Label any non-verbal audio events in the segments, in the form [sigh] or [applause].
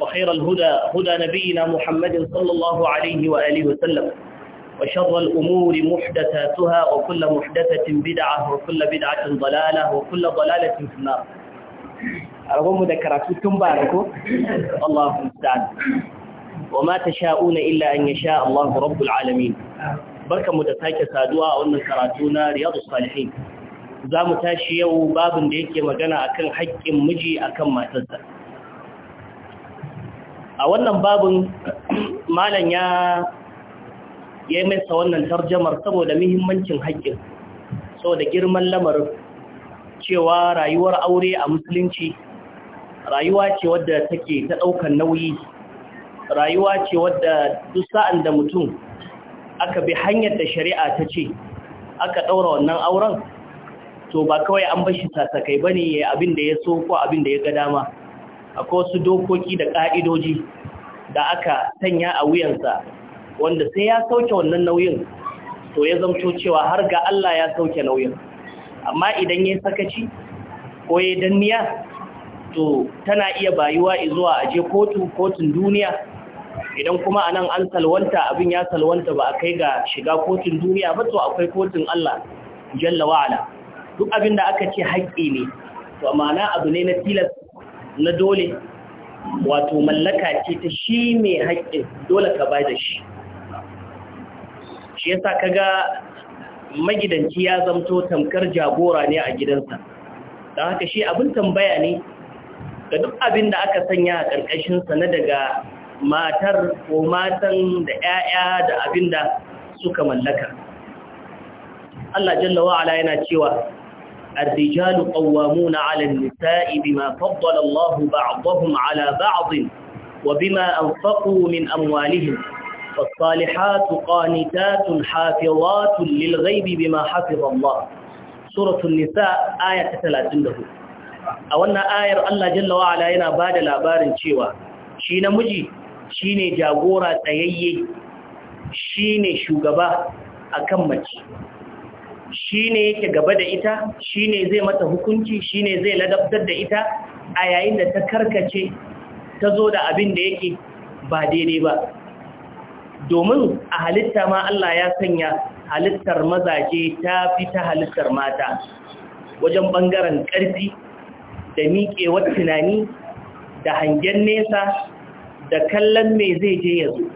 وخير الهدى هدى نبينا محمد صلى الله عليه وآله وسلم وشر الأمور محدثاتها وكل محدثة بدعة وكل بدعة ضلالة وكل ضلالة في النار أرغم ذكرت تنبارك الله المستعان وما تشاءون إلا أن يشاء الله رب العالمين بركة متساكة سادوة أن كراتونا رياض الصالحين za mu tashi yau babin da yake magana akan haƙƙin miji akan matarsa a wannan babin malam ya ya minsa wannan tarjamar saboda muhimmancin haƙƙin saboda girman lamarin cewa rayuwar aure a musulunci rayuwa ce wadda take ta ɗaukar nauyi rayuwa ce wadda duk sa'an da mutum aka bi hanyar da shari'a ta ce aka ɗaura wannan auren to ba kawai an bashi sasakai bane ne abin da ya so ko abin da ya ga dama akwai wasu dokoki da ƙa'idoji da aka sanya a wuyansa wanda sai ya sauke wannan nauyin to ya zamto cewa har ga Allah ya sauke nauyin amma idan ya sakaci ko ya danniya to tana iya bayuwa zuwa aje kotu kotun duniya idan kuma anan an salwanta abin ya salwanta ba a kai ga shiga kotun duniya ba to akwai kotun Allah jalla wa'ala duk abin da aka ce haƙƙi ne to ma'ana abu ne na tilas na dole wato mallaka ce ta shi mai haƙƙin dole ka ba da shi shi yasa ga magidanci ya zamto tamkar jagora ne a gidansa don haka shi abin tambaya ne ga duk abin da aka sanya a ƙarƙashinsa na daga matar ko matan da 'ya'ya da abin da suka mallaka Allah jalla wa'ala yana cewa الرجال قوامون على النساء بما فضل الله بعضهم على بعض وبما أنفقوا من أموالهم فالصالحات قانتات حافظات للغيب بما حفظ الله سورة النساء آية 34 أولنا آية الله جل وعلا ينا بعد لابار شيوا شين مجي شين جاغورة تيي شين شوغبا أكمج shi ne yake gaba da ita shi ne zai mata hukunci shi ne zai ladabtar da ita a yayin da ta karkace ta zo da abin da yake ba daidai ba domin a halitta ma Allah ya sanya halittar mazaje ta fi ta halittar mata wajen bangaren ƙarfi da miƙewar tunani da hangen nesa da kallon mai zai je yanzu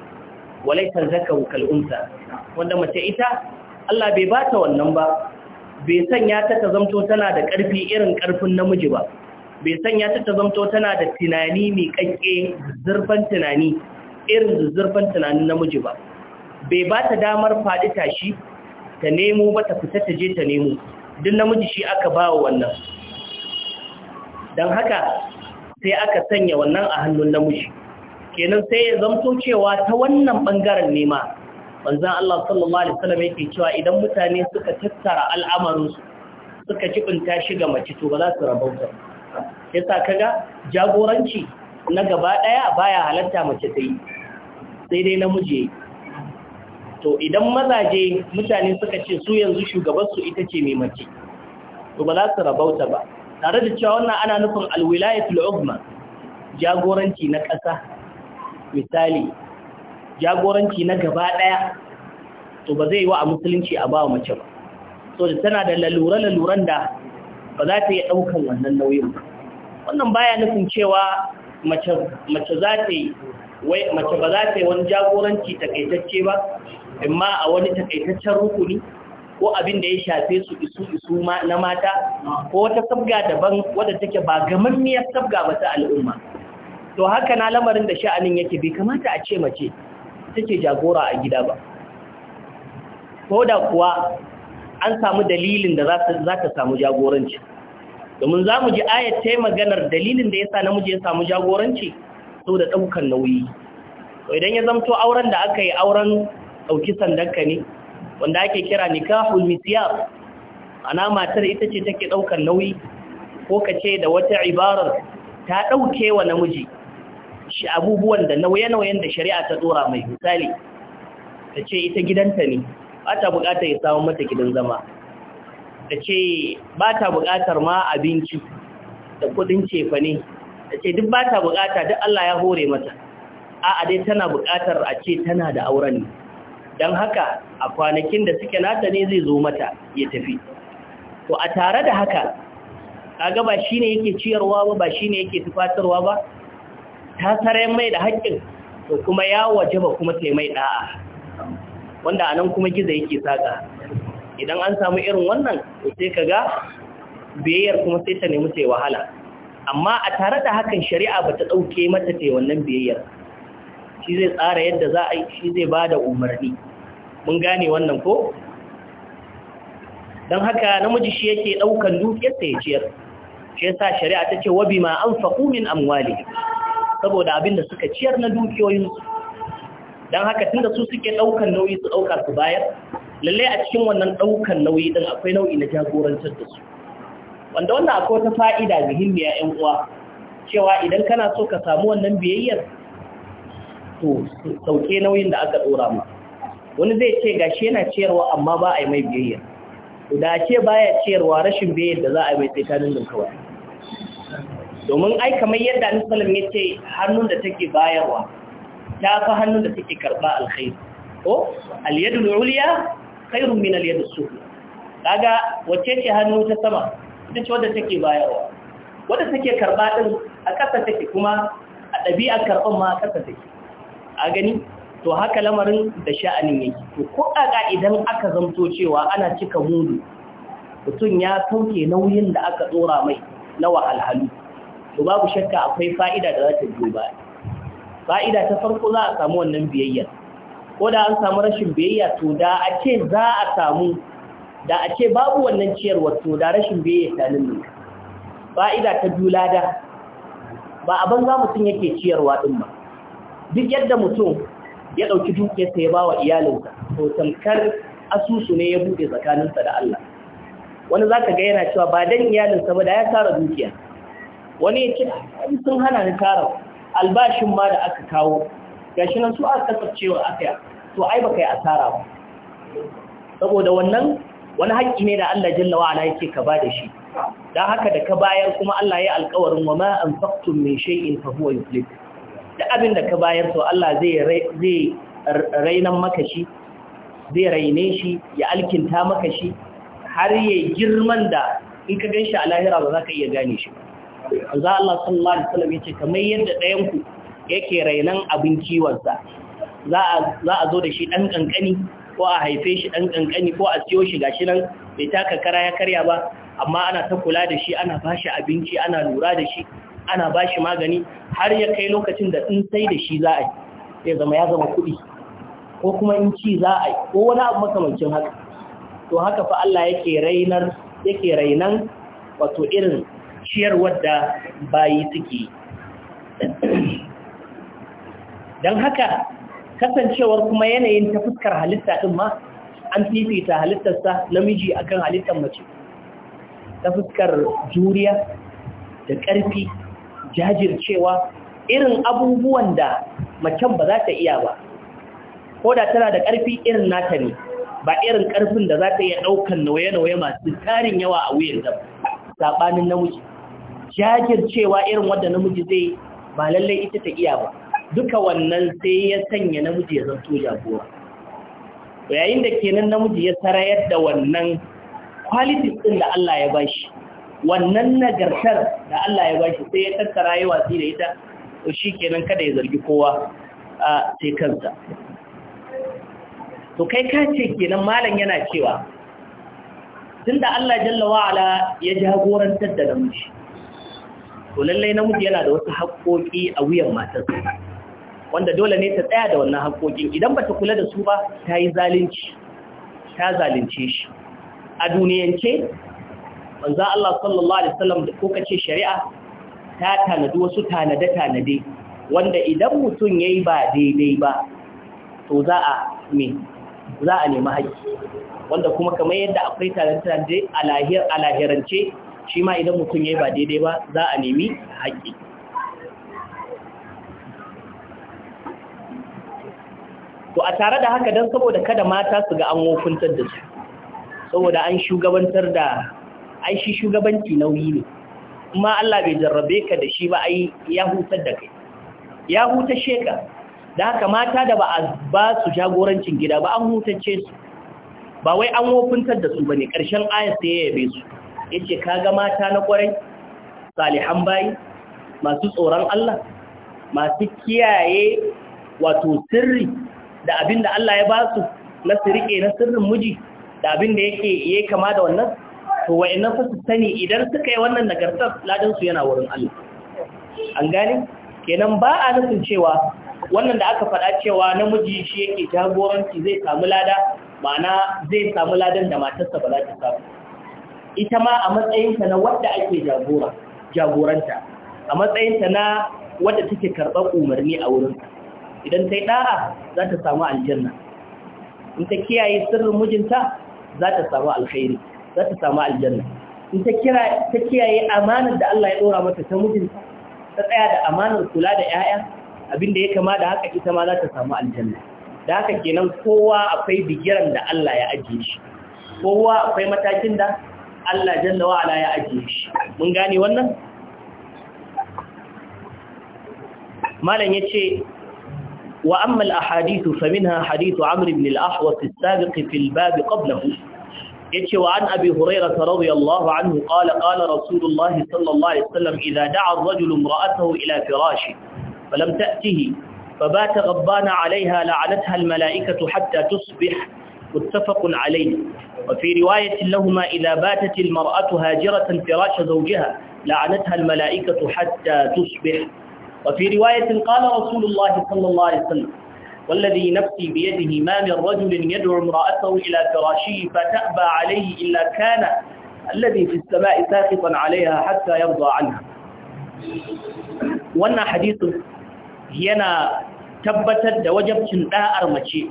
walaitar zaka wukal'unsa wanda mace ita Allah bai ba ta wannan ba bai sanya ta ta zamto tana da ƙarfi irin ƙarfin namiji ba bai sanya ta ta zamto tana da tunani mai ƙanƙe zurfan tunani irin zurfan tunanin namiji ba bai ba ta damar faɗi tashi ta nemo ba ta fita ta je ta nemo duk namiji shi aka ba wa wannan don haka sai aka sanya wannan a hannun namiji kenan sai ya zamto cewa ta wannan ɓangaren nema manzan Allah sallallahu Alaihi wasallam yake cewa idan mutane suka tattara al'amarinsu suka kibinta shi ga mace to ba za su rabauta. Ya sa kaga jagoranci na gaba ɗaya baya halatta mace ta yi, sai dai namiji To idan mazaje mutane suka ce su yanzu su ita ce mai mace, to ba za su rabauta ba. Tare da cewa wannan ana nufin alwilayatul ugma jagoranci na ƙasa misali jagoranci na gaba ɗaya to ba zai yi wa a musulunci a bawa mace ba so da tana da lalura-laluran da ba za ta yi ɗaukan wannan nauyin ba wannan baya nufin cewa mace za ta yi mace ba za ta yi wani jagoranci takaitacce ba amma a wani takaitaccen rukuni ko abin da ya shafe su isu isu na mata ko wata sabga daban wadda take ba gamanniyar sabga ba ta al'umma to haka na lamarin da sha'anin yake bai kamata a ce mace take jagora a gida ba ko da kuwa an samu dalilin da za ta samu jagoranci domin za mu ji ayat ta maganar dalilin da ya sa namiji ya samu jagoranci sau da ɗaukar nauyi to idan ya zamto auren da aka yi auren ɗauki sandanka ne wanda ake kira nikahul misiyar ana matar ita ce take ɗaukar nauyi ko ka ce da wata ibarar ta ɗauke wa namiji shi abubuwan da nauye-nauyen da shari'a ta dora mai misali ta ce ita gidanta ne ba ta bukatar ya samu mata gidan zama ta ce ba ta bukatar ma abinci da kudin cefa ne ta ce duk ba ta bukata duk Allah ya hore mata a dai tana bukatar a ce tana da auren ne don haka a kwanakin da suke nata ne zai zo mata ya tafi to a tare da haka kaga ba ne yake ciyarwa ba ba ne yake tufatarwa ba ta sarai mai da haƙƙin to kuma ya waje ba kuma ta mai ɗa'a wanda anan kuma gizo yake saka idan an samu irin wannan to sai ka ga biyayyar kuma sai ta nemi ta wahala amma a tare da hakan shari'a ba ta ɗauke mata ta wannan biyayyar shi zai tsara yadda za a shi zai ba da umarni mun gane wannan ko don haka namiji shi yake ɗaukan dukiyar ta ya shi yasa shari'a ta ce ma anfaqu min amwalihim saboda abin da suka ciyar na dukiyoyinsu don haka tunda su suke ɗaukan nauyi su ɗauka su bayar lallai a cikin wannan ɗaukan nauyi ɗin akwai nau'i na jagorantar da su wanda wannan akwai wata fa'ida muhimmiya ‘yan uwa cewa idan kana so ka samu wannan biyayyar to sauke nauyin da aka ɗora ma wani zai ce gashi yana ciyarwa amma ba a yi mai biyayya da ce baya ciyarwa rashin biyayyar da za a yi mai sai ta dindin kawai domin ai kamar yadda annabi ya ce hannun da take bayarwa ta fi hannun da take karba alkhairu, ko al-yadul ulya khairun min al-yadus sufla kaga wacce ce hannu ta sama ita ce wadda take bayarwa wadda take karba din a ƙasa take kuma a ɗabi'a karban ma a ƙasa take a gani to haka lamarin da sha'anin yake to ko kaka idan aka zamto cewa ana cika mudu mutum ya sauke nauyin da aka tsora mai na wahalhalu to babu shakka akwai fa'ida da za ta biyo ba fa'ida ta farko za a samu wannan biyayya ko da an samu rashin biyayya to da a ce za a samu da a ce babu wannan ciyarwar to da rashin biyayya ta nuna fa'ida ta biyu lada ba a banza mutum yake ciyarwa din ba duk yadda mutum ya ɗauki dukiyarsa ya ba wa iyalinsa to tamkar asusu ne ya buɗe tsakaninsa da Allah wani za ka ga yana cewa ba dan iyalinsa ba da ya tara dukiya wani ya ce sun hana ni tara albashin ma da aka kawo gashi nan su aka kasafcewa aka yi to ai baka yi asara ba saboda wannan wani haƙƙi ne da Allah jalla wa ala yake ka ba da shi dan haka da ka bayar kuma Allah ya alƙawarin wa ma anfaqtum min shay'in fa huwa yuflih da abin da ka bayar to Allah zai zai rainan maka shi zai raine shi ya alkinta maka shi har ya girman da in ka ganshi a lahira ba za ka iya gane shi ba Za Allah sallallahu alaihi wasallam yace kamar yadda ɗayan ku yake rainan abin kiwonsa za a za a zo da shi dan kankani ko a haife shi dan kankani ko a siyo shi gashi nan bai taka kara ya karya ba amma ana ta kula da shi ana bashi abinci ana lura da shi ana bashi magani har ya kai lokacin da in sai da shi za a yi zama ya zama kuɗi ko kuma in ci za a yi ko wani abu makamancin haka to haka fa Allah yake rainar yake rainan wato irin ciyar wadda bayi suke don haka kasancewar kuma yanayin ta fuskar halitta ɗin ma an fifita halittarsa namiji akan halittar mace ta fuskar juriya da ƙarfi jajircewa irin abubuwan da macen ba za ta iya ba ko da tana da ƙarfi irin nata ne ba irin ƙarfin da za ta iya ɗaukan nauye-nauye masu tarin yawa a wuyan zama saɓanin namiji jajircewa irin wadda namiji zai ba lallai ita ta iya ba duka wannan sai ya sanya namiji ya zanto jagora yayin da kenan namiji ya sarayar da wannan qualities din da Allah ya bashi wannan nagartar da Allah ya bashi sai ya tattara yawa shi da ita to kenan kada ya zargi kowa a sai kansa to kai ka ce kenan malam yana cewa tunda Allah jalla wa ala ya jagorantar da namiji to lallai namiji yana da wasu haƙoƙi a wuyan matarsa wanda dole ne ta tsaya da wannan haƙoƙin idan ba ta kula da su ba ta yi zalunci ta zalunce shi a duniyance manzo Allah sallallahu alaihi wasallam da ko kace shari'a ta tanadi wasu tanade tanade wanda idan mutum yayi ba daidai ba to za a me za a nemi haƙƙi wanda kuma kamar yadda akwai tanade tanade a lahirance shi ma idan mutum ya yi ba daidai ba za a nemi haƙƙi to a tare da haka don saboda kada mata su ga an wofuntar da su saboda an shugabantar da ai shi shugabanci nauyi ne kuma Allah bai jarrabe ka da shi ba ai ya hutar da kai ya hutar sheka da haka mata da ba a ba su jagorancin gida ba an ce su ba wai an wofuntar da su ne karshen ayat sai ya yabe su yace ga mata na kwarai salihan bayi masu tsoron Allah masu kiyaye wato sirri da abin da Allah ya ba su na sirike na sirrin miji da abin da yake ya kama da wannan to wayannan fa su sani idan suka yi wannan nagartar ladan su yana wurin Allah an gane kenan ba a nufin cewa wannan da aka faɗa cewa namiji shi yake jagoranci zai samu lada ma'ana zai samu ladan da matarsa ba za ta samu ita ma a matsayinta na wadda ake jagora jagoranta a matsayinta na wadda take karɓar umarni a wurin idan ta yi ɗa'a za ta samu aljanna in ta kiyaye sirrin mijinta za ta samu alkhairi za ta samu aljanna in ta kiyaye amanar da Allah ya ɗora mata ta mijinta ta tsaya da amanar kula da 'ya'ya abinda ya kama da haka ita ma za ta samu aljanna da haka kenan kowa akwai bigiran da Allah ya ajiye shi kowa akwai matakin da Allah jalla wa ala ya ajiye shi mun gane wannan malan yace wa amma al-ahadith fa minha hadith Amr ibn al-Ahwas al sabiq fi al-bab qablahu yace wa an Abi hurayra radiyallahu anhu qala qala Rasulullah sallallahu alaihi wasallam idha da'a ar rajul imra'atahu ila firashi fa lam ta'tihi فبات غضبان عليها لعنتها الملائكة حتى تصبح متفق عليه وفي رواية لهما إذا باتت المرأة هاجرة فراش زوجها لعنتها الملائكة حتى تصبح وفي رواية قال رسول الله صلى الله عليه وسلم والذي نفسي بيده ما من رجل يدعو امرأته إلى فراشه فتأبى عليه إلا كان الذي في السماء ساخطا عليها حتى يرضى عنها وأن حديث هنا tabbatar وجبت wajabcin da'ar mace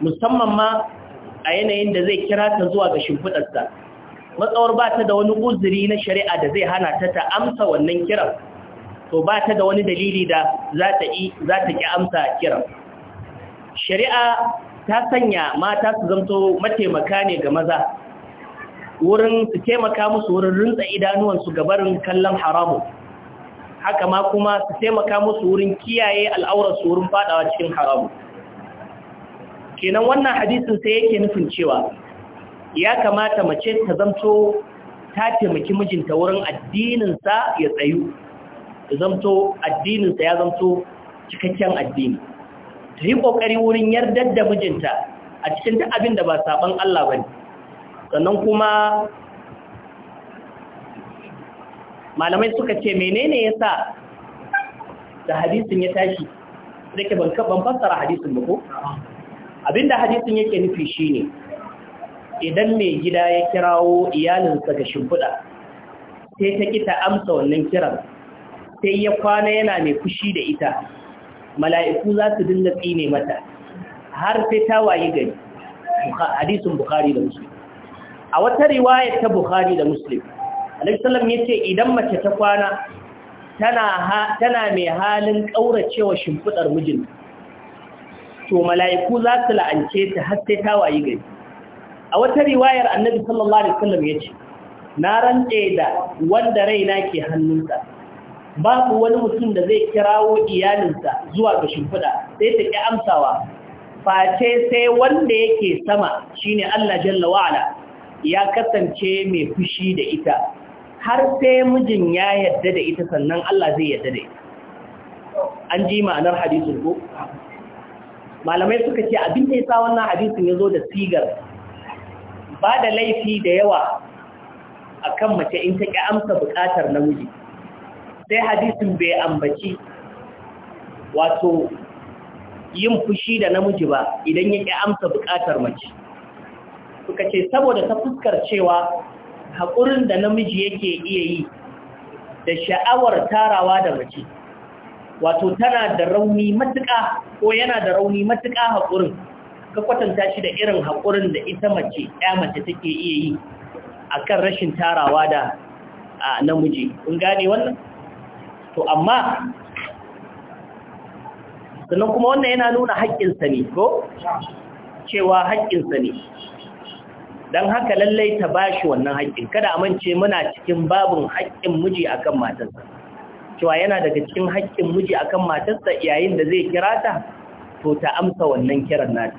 musamman ma a yanayin da zai kira ta zuwa ga shimfiɗarsa matsawar ba ta da wani uzuri na shari'a da zai hana ta ta amsa wannan kiran to ba ta da wani dalili da za ta yi ki amsa kiran shari'a ta sanya mata su zanto mataimaka ne ga maza wurin su taimaka musu wurin rinsa ga gabarin kallon haramu haka ma kuma su taimaka musu wurin kiyaye al'aurarsu wurin faɗawa cikin haramu kenan wannan hadisin sai yake nufin cewa ya kamata mace ta zamto ta taimaki mijinta wurin addininsa ya tsayu ta zamto addininsa ya zamto cikakken addini ta yi ƙoƙari wurin yardar da mijinta a cikin duk abin da ba saban Allah ba ne sannan kuma malamai suka ce menene ya sa da hadisin ya tashi da ke ban fassara hadisin ba ko abinda hadisin yake nufi shine idan mai gida ya kirawo iyalinsa ga shimfiɗa sai ta kita amsa wannan kiran sai ya kwana yana mai fushi da ita mala'iku za su dinga tsine mata har sai ta wayi gari hadisin bukhari da muslim a wata riwayar ta bukhari da muslim alaikisalam ya ce idan mace ta kwana tana mai halin ƙauracewa shimfiɗar mijinta to mala'iku za su la'ance ta har sai ta wayi gari a wata riwayar annabi sallallahu alaihi wasallam ce. na rantse da wanda raina ke hannunsa babu wani mutum da zai kirawo iyalinsa zuwa ga shimfiɗa sai ta ki amsawa face sai wanda yake sama shine Allah jalla wa'ala ya kasance mai fushi da ita har sai mijin ya yarda da ita sannan Allah zai yarda da ita an ji ma'anar hadisul ko malamai suka ce abin da sa wannan hadisin ya zo da sigar ba da laifi da yawa a kan mace in ta ƙi amsa buƙatar namiji sai hadisin bai ambaci wato yin fushi da namiji ba idan ya ƙi amsa buƙatar mace suka ce saboda ta fuskar cewa haƙurin da namiji yake iya yi da sha'awar tarawa da mace wato tana da rauni matuƙa ko yana da rauni matuƙa haƙurin ka kwatanta shi da irin haƙurin da ita mace ya mace take iya yi a kan rashin tarawa da namiji kun gane wannan to amma sannan kuma wannan yana nuna haƙƙinsa ne ko cewa haƙƙinsa ne don haka lallai ta bashi wannan haƙƙin kada amince muna cikin babin haƙƙin miji akan matarsa cewa yana daga cikin haƙƙin miji akan matarsa yayin da zai kira ta to ta amsa wannan kiran nata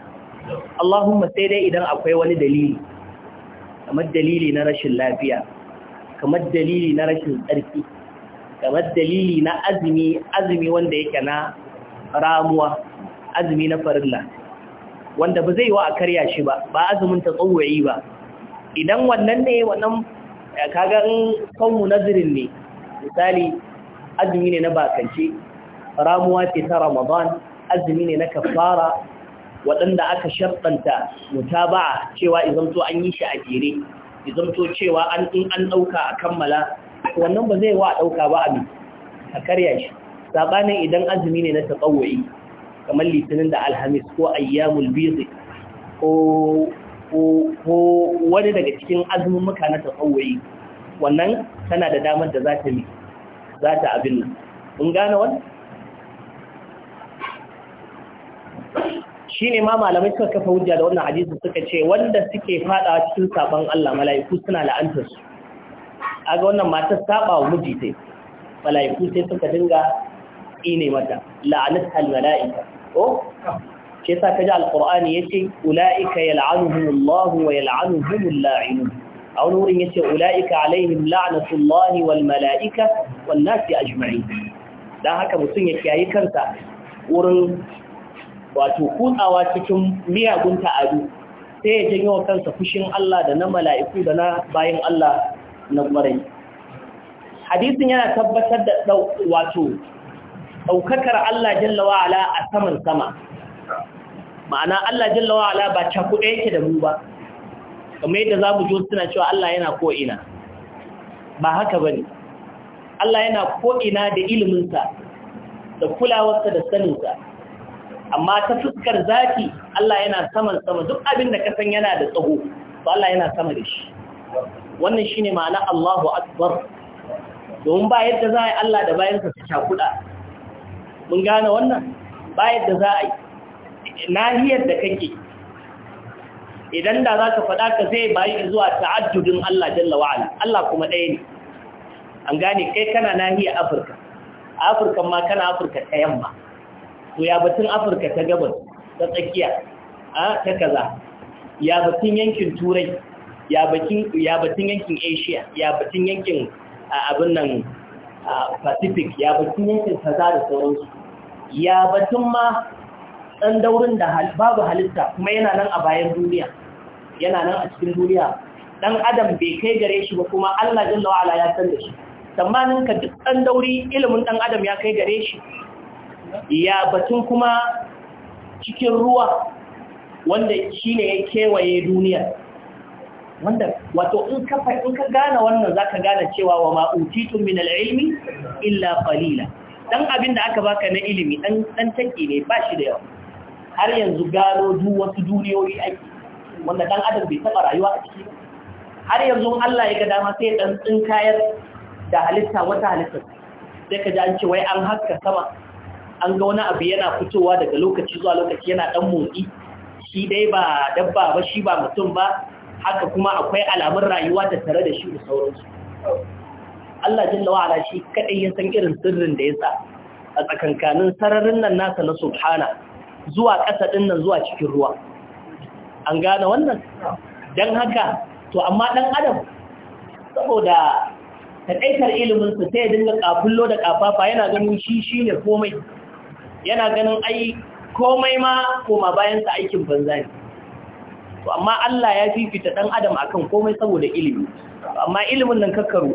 Allahumma sai dai idan akwai wani dalili kamar dalili na rashin lafiya kamar dalili na rashin tsarki kamar dalili na azumi azumi wanda yake na ramuwa azumi na farilla wanda ba zai yi wa a karya shi ba ba azumin ta tsawo'i ba idan wannan ne wannan kaga in kanmu nazirin ne misali azumi ne na bakance ramuwa ce ta ramadan azumi ne na kafara waɗanda aka sharɗanta mutaba'a cewa idan an yi shi a jere idan to cewa an in an ɗauka a kammala wannan ba zai wa a ɗauka ba a mi a karya shi sabanin idan azumi ne na tsawai kamar litinin da alhamis ko ayyamul bizi ko wani daga cikin muka na tsawai wannan tana da damar da za ta mi za ta abin nan mun gane wani. Shi ne ma malamai suka kafa hujja da wannan hadisi suka ce wanda suke fada cikin saɓon Allah mala'iku suna la'antarsu. su ga wannan matar saɓa wa miji sai mala'iku sai suka dinga ine mata la'anar al mala'ika ko ke sa ka ji kaji ya ce, ulaika yal'anuhum Allah wa yal'anuhum la'inun a wani wurin yace ulaika alaihim la'natullahi wal mala'ika wan nasi ajma'in Don haka mutum ya kiyayi kansa wurin wato kutsawa cikin miyagun ta'adu sai ya janyo kansa fushin Allah da na mala'iku da na bayan Allah na gwarai hadisin yana tabbatar da wato ɗaukakar Allah jalla ala a saman sama ma'ana Allah jalla wa ala ba cakuɗe yake da mu ba kamar yadda za mu ji suna cewa Allah yana ko'ina ba haka ba ne Allah yana ko'ina da iliminsa da kulawarsa da saninsa amma ta fuskar zafi Allah yana saman sama duk abin da kasan yana da tsaho ba Allah yana sama da shi wannan shi ne ma'ana Allahu Akbar domin ba yadda za a yi Allah da bayansa su cakuɗa mun gane wannan ba yadda za a yi nahiyar da kake idan da za ka faɗa ka zai bayi zuwa ta'addudin Allah jalla wa'ala Allah kuma ɗaya ne an gane kai kana nahiya Afirka Afirka ma kana Afirka ta yamma to ya batun Afirka ta gabas ta tsakiya a ta kaza ya batun yankin Turai ya batun yankin Asia ya batun yankin abin nan Pacific ya batun yankin kaza da sauransu ya batun ma ɗan daurin da babu halitta kuma yana nan a bayan duniya yana nan a cikin duniya dan adam bai kai gare shi ba kuma Allah jalla wa ala ya san da shi tsammanin ka duk dan dauri ilimin dan adam ya kai gare shi ya batun kuma cikin ruwa wanda shine ya kewaye duniya wanda wato in ka in ka gane wannan zaka gane cewa wa ma utitum min al-ilmi illa qalila dan abin da aka baka na ilimi dan dan take ne ba shi da yawa har yanzu gano duk wasu duniyoyi ake wanda ɗan adam bai taɓa rayuwa a ciki har yanzu Allah ya ga dama sai ya ɗan tsinkayar da halitta wata halitta sai ka ji an ce wai an haska sama an ga wani abu yana fitowa daga lokaci zuwa lokaci yana ɗan motsi shi dai ba dabba ba shi ba mutum ba haka kuma akwai alamun rayuwa da tare da shi da sauransu Allah jalla wa'ala shi kadai ya san irin sirrin da ya sa a tsakankanin sararin nan nasa na subhana zuwa ƙasa ɗin nan zuwa cikin ruwa an gane wannan don haka to amma ɗan adam saboda iliminsu ta sai dinga ƙafullo da ƙafafa yana ganin shi shi ne komai yana ganin ai komai ma koma bayansa aikin banza ne to amma Allah ya fifita ɗan adam akan komai saboda ilimi amma ilimin nan kakkaru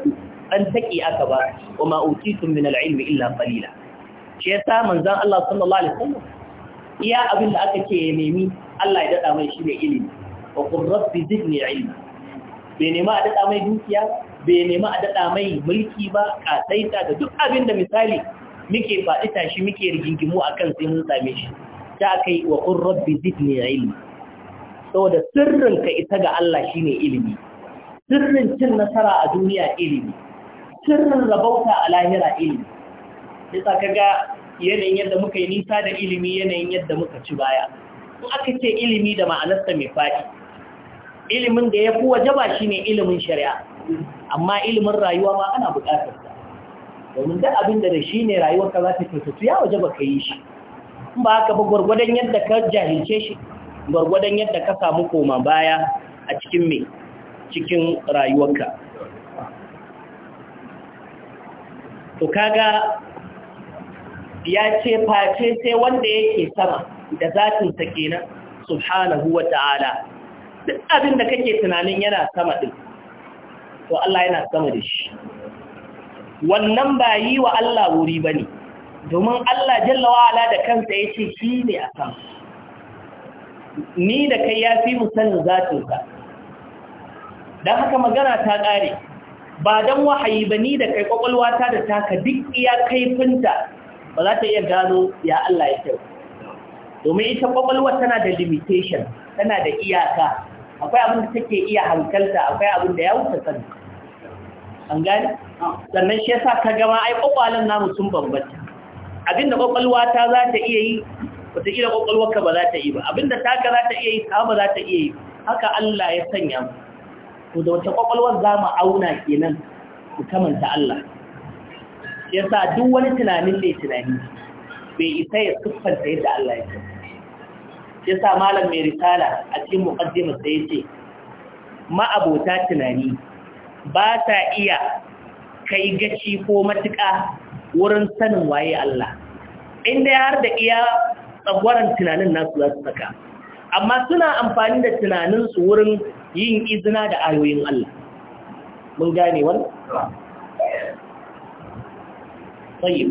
ɗan taƙi aka ba wa ma'utitun min al'ilmi illa qalila shi yasa manzon Allah sallallahu alaihi wasallam iya abin da aka ce ya nemi Allah ya daɗa mai shi ne ilimi wa qur rabbi zidni ilma bai nemi a daɗa mai dukiya bai nemi a daɗa mai mulki ba kasaita da duk abin da misali muke faɗi tashi muke rigingimu akan sai mun same shi ta kai wa qur rabbi zidni ilma saboda sirrin ka ita ga Allah shi ne ilimi sirrin cin nasara a duniya ilimi sirrin rabauta a lahira ilimi sai ka ga yanayin yadda muka yi nisa da ilimi yanayin yadda muka ci baya in aka ce ilimi da ma'anarsa mai faɗi ilimin da ya fi waje ba shi ne ilimin shari'a amma ilimin rayuwa ma ana buƙatar sa domin duk abin da da shi ne rayuwar ka za ta kyautatu ya waje ba ka yi shi in ba haka ba gwargwadon yadda ka jahilce shi gwargwadon yadda ka samu koma baya a cikin me cikin rayuwarka to kaga ya ce face sai wanda yake sama da zatinsa kenan subhanahu wa ta'ala duk abin da kake tunanin yana sama din, to Allah yana sama da shi wannan ba yi wa Allah wuri ba ne domin Allah wa ala da kansa ya ce shi ne a sama ni da kai ya fi musanin zatinsa don haka magana ta ƙare ba don wahayi ba ni da kai ƙwaƙwalwata da taka duk iya kaifinta ba za ta iya gano ya Allah ya kyau domin ita kwakwalwa tana da limitation tana da iyaka akwai abin da take iya hankalta akwai abin da ya wuce sani an gani sannan shi yasa ka gama ai kwakwalen namu sun bambanta abin da kwakwalwa ta za ta iya yi wataƙila ka ba za ta yi ba abin da taka za ta iya yi ta ba za ta iya yi haka Allah ya sanya mu to da wata kwakwalwar za mu auna kenan mu kamanta Allah Ya sa duk wani tunanin da tunani bai isa ya siffanta yadda Allah ya ce sa malam mai risala a cikin muqaddimar ya ce ma'abota tunani ba ta iya kai gaci ko matuƙa wurin sanin waye Allah inda har da iya tsagwaran tunanin nasu za su saka amma suna amfani da tunaninsu wurin yin izina da ayoyin Allah mun gane wani. طيب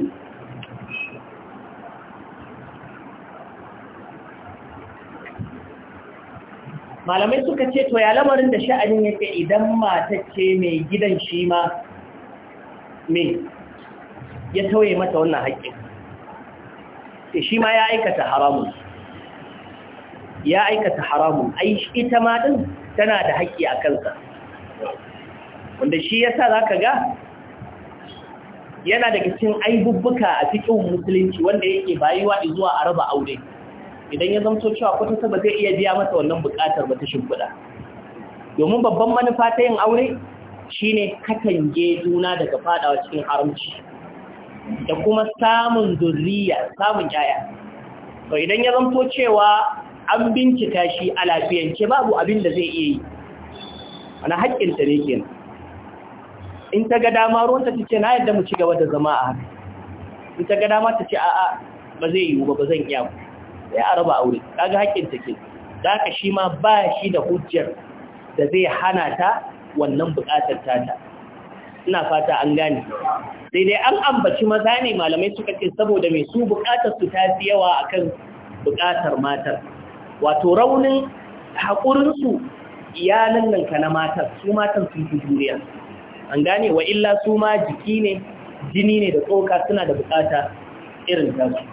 malamai suka ce to ya lamarin da sha'anin yake idan matacce mai gidan shi ma me ya tauye mata wannan haƙƙin sai shi ma ya aikata haramun ya aikata haramun ai ita ma din tana da haƙƙi a kansa wanda shi yasa zaka ga yana daga cikin aibubbuka a cikin musulunci wanda yake bayuwa zuwa a raba aure idan ya zamto cewa kwatanta ba zai iya biya masa wannan bukatar ba ta shimfiɗa domin babban manufa ta yin aure shine katange juna daga fadawa cikin haramci da kuma samun zurriya samun yaya to idan ya zamto cewa an bincika shi a lafiyance babu abin da zai iya yi wani haƙƙinta ne kenan in ta ga dama ruwanta ta ce na yadda mu ci gaba da zama a haka in ta ga dama ta ce a'a ba zai yiwu ba ba zan iya ba sai a raba aure kaga haƙƙin ta ke da ka shi ma ba shi da hujjar da zai hana ta wannan buƙatar ta ta. ina fata an gane sai dai an ambaci maza ne malamai suka ce saboda mai su buƙatar su ta fi yawa akan buƙatar matar wato raunin haƙurinsu nan ka na matar su matan sun fi juriya an gane wa illa su ma jiki ne jini ne da tsoka suna da bukata irin tasu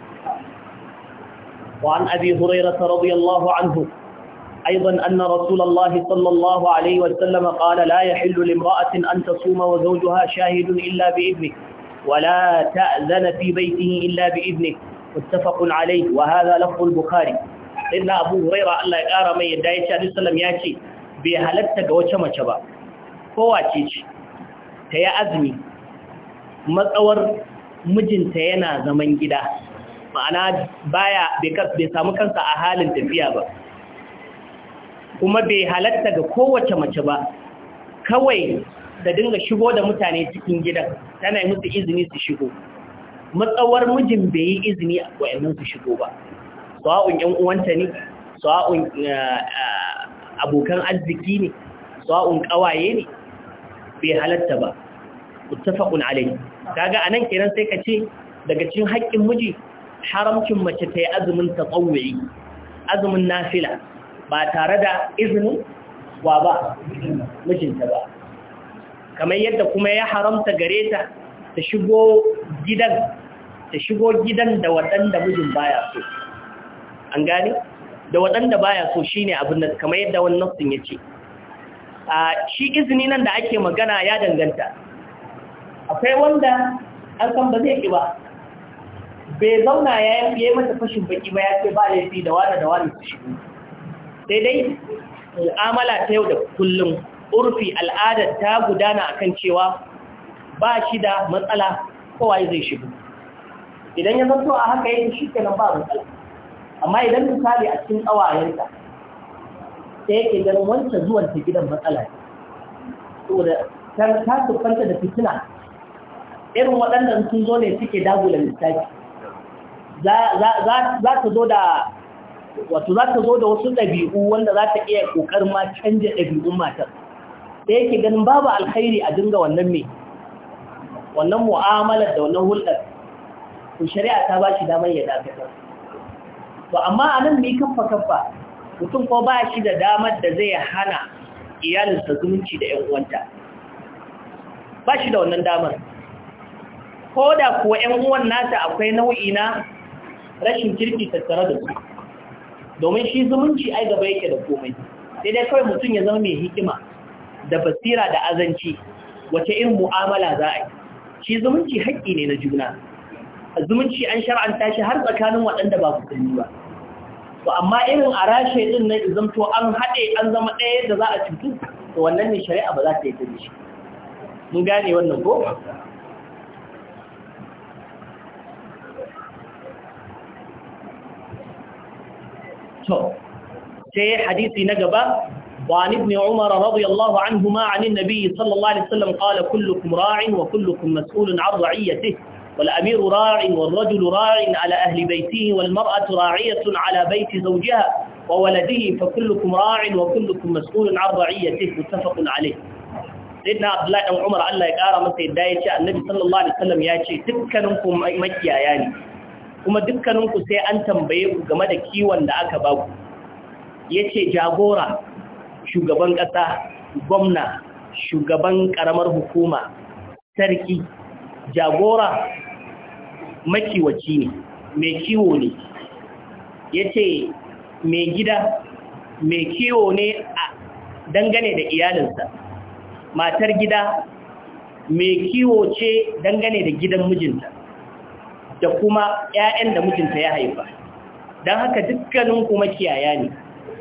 وعن أبي هريرة رضي الله عنه أيضا أن رسول الله صلى الله عليه وسلم قال لا يحل لامرأة أن تصوم وزوجها شاهد إلا بإذنه ولا تأذن في بيته إلا بإذنه متفق عليه وهذا لفظ البخاري سيدنا أبو هريرة الله يقارى من يدعي صلى الله عليه وسلم ياتي بهلتك وشمك با kowace ce ta yi azumi matsawar mijinta yana zaman gida ma'ana baya bai samu kansa a halin tafiya ba kuma bai halatta ga kowace mace ba kawai da dinga shigo da mutane cikin gidan tana yi musu izini su shigo matsawar mijin bai yi izini a wa'annan su shigo ba sawa'un yan uwanta ne sawa'un eh, eh, abokan arziki ne sawa'un kawaye ne bai halatta ba muttafaqun alayhi kaga anan kiran sai ka ce daga cikin haƙƙin miji haramcin mace ta yi azumin tatawwi azumin nafila ba tare da izinin wa ba mijinta ba kamar yadda kuma ya haramta gare ta ta shigo gidan ta shigo gidan da waɗanda mijin baya so an gane da waɗanda baya so shine abin da kamar yadda wannan sun yace a shi izini nan da ake magana ya danganta akwai wanda an san ba zai ki ba bai zauna ya yi mata fashin baki ba ya ce ba laifi da wane da wane su shigo sai dai mu'amala ta yau da kullum urfi al'adar ta gudana akan cewa ba shi da matsala kowa zai shigo idan ya zanto a haka yake shi kenan ba matsala amma idan misali a cikin ƙawayenta sai yake ganin wancan zuwan ta gidan matsala da ta tuffanta da fitina irin waɗannan sun zo ne suke dagula lissafi za ta zo da wato wasu ɗabi'u wanda za ta iya ƙoƙar ma canje ɗabi'un matar da yake ganin babu alkhairi a dinga wannan mai wannan mu'amalar da wannan hulɗar ko shari'a ta ba shi damar ya dakatar to amma a nan mai kafa kafa mutum ko ba shi da damar da zai hana iyalinsa zumunci da 'yan uwanta ba shi da wannan damar ko da kuwa ‘yan uwan nata akwai nau'i na rashin kirki tattare da su domin shi zumunci ai gaba yake da komai sai dai kawai mutum ya zama mai hikima da basira da azanci wace irin mu'amala za a yi shi zumunci haƙƙi ne na juna zumunci an shar'anta shi har tsakanin waɗanda ba su sani ba to amma irin a rashe ɗin na izamto an haɗe an zama ɗaya da za a cutu to wannan ne shari'a ba za ta yi ta shi mun gane wannan ko to sai hadisi na gaba wani ibn umar radiyallahu anhuma an annabi sallallahu alaihi wasallam qala kullukum ra'in wa kullukum mas'ulun 'an ra'iyatihi wal amiru ra'in wal rajulu ra'in 'ala ahli baytihi wal mar'atu ra'iyatun 'ala bayti zawjiha wa waladihi fa kullukum ra'in wa kullukum mas'ulun 'an ra'iyatihi muttafaqun 'alayh sayyidina abdullah ibn umar allah ya kara masa yadda yace annabi sallallahu alaihi wasallam yace dukkanin ku makiyaya ne kuma dukkaninku sai an tambaye ku game da kiwon da aka ba ku yace jagora shugaban ƙasa gwamna shugaban ƙaramar hukuma sarki jagora makiwaci ne mai kiwo ne Yace mai gida mai kiwo ne a dangane da iyalinsa matar gida mai kiwo ce dangane da gidan mijinta da kuma ‘ya'yan da mijinta ya haifa don haka dukkanin kuma kiyaya ne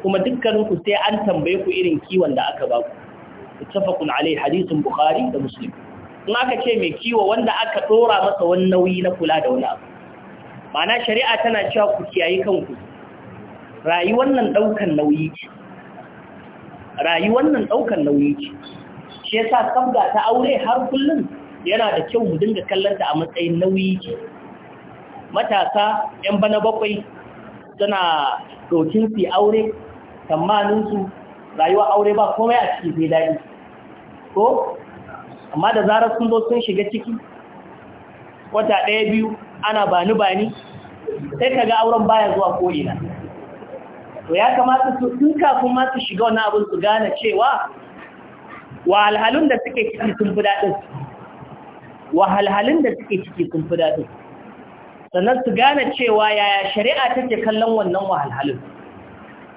kuma dukkanin ku sai an tambaye ku irin kiwon da aka baku ittafaqun alai hadisin bukhari da muslim in aka ce mai kiwo wanda aka dora masa wani nauyi na kula da wani abu Mana shari'a tana cewa ku kiyayi kanku rayuwar nan daukan nauyi ce rayuwar daukan nauyi shi yasa kabga ta aure har kullum yana da kyau mu dinga kallon ta a matsayin nauyi matasa ‘yan bana bakwai suna ɗokin fi aure tsammaninsu rayuwa aure ba komai a ciki fi daɗi ko amma da zarar sun zo sun shiga ciki wata ɗaya biyu ana bani bani sai ka ga auren baya zuwa ko'ina to ya kamata su tun kafin masu shiga wani abin su gane cewa alhalin da suke ciki sun fi daɗin wahalhalun da suke ciki sun fi daɗin sannan su gane cewa yaya shari'a take kallon wannan wahalhalun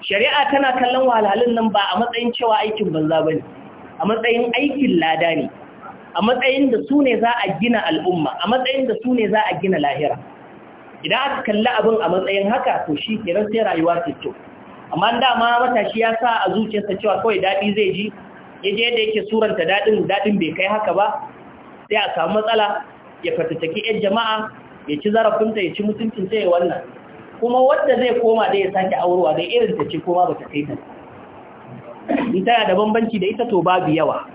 shari'a tana kallon wahalhalun nan ba a matsayin cewa aikin banza ba ne a matsayin aikin lada ne a matsayin da su ne za a gina al'umma a matsayin da su ne za a gina lahira idan aka kalli abin a matsayin haka to shi ke sai rayuwa ta kyau amma dama matashi ya sa a zuciyarsa cewa kawai daɗi zai ji ya je yadda yake suranta daɗin daɗin bai kai haka ba sai a samu matsala ya fatattaki 'yan jama'a ya ci zarafinta ya ci mutuncinta ya wannan kuma wadda zai koma da ya sake aurowa da irin ta ce koma ba ta kai ta in tana da bambanci da ita to babu yawa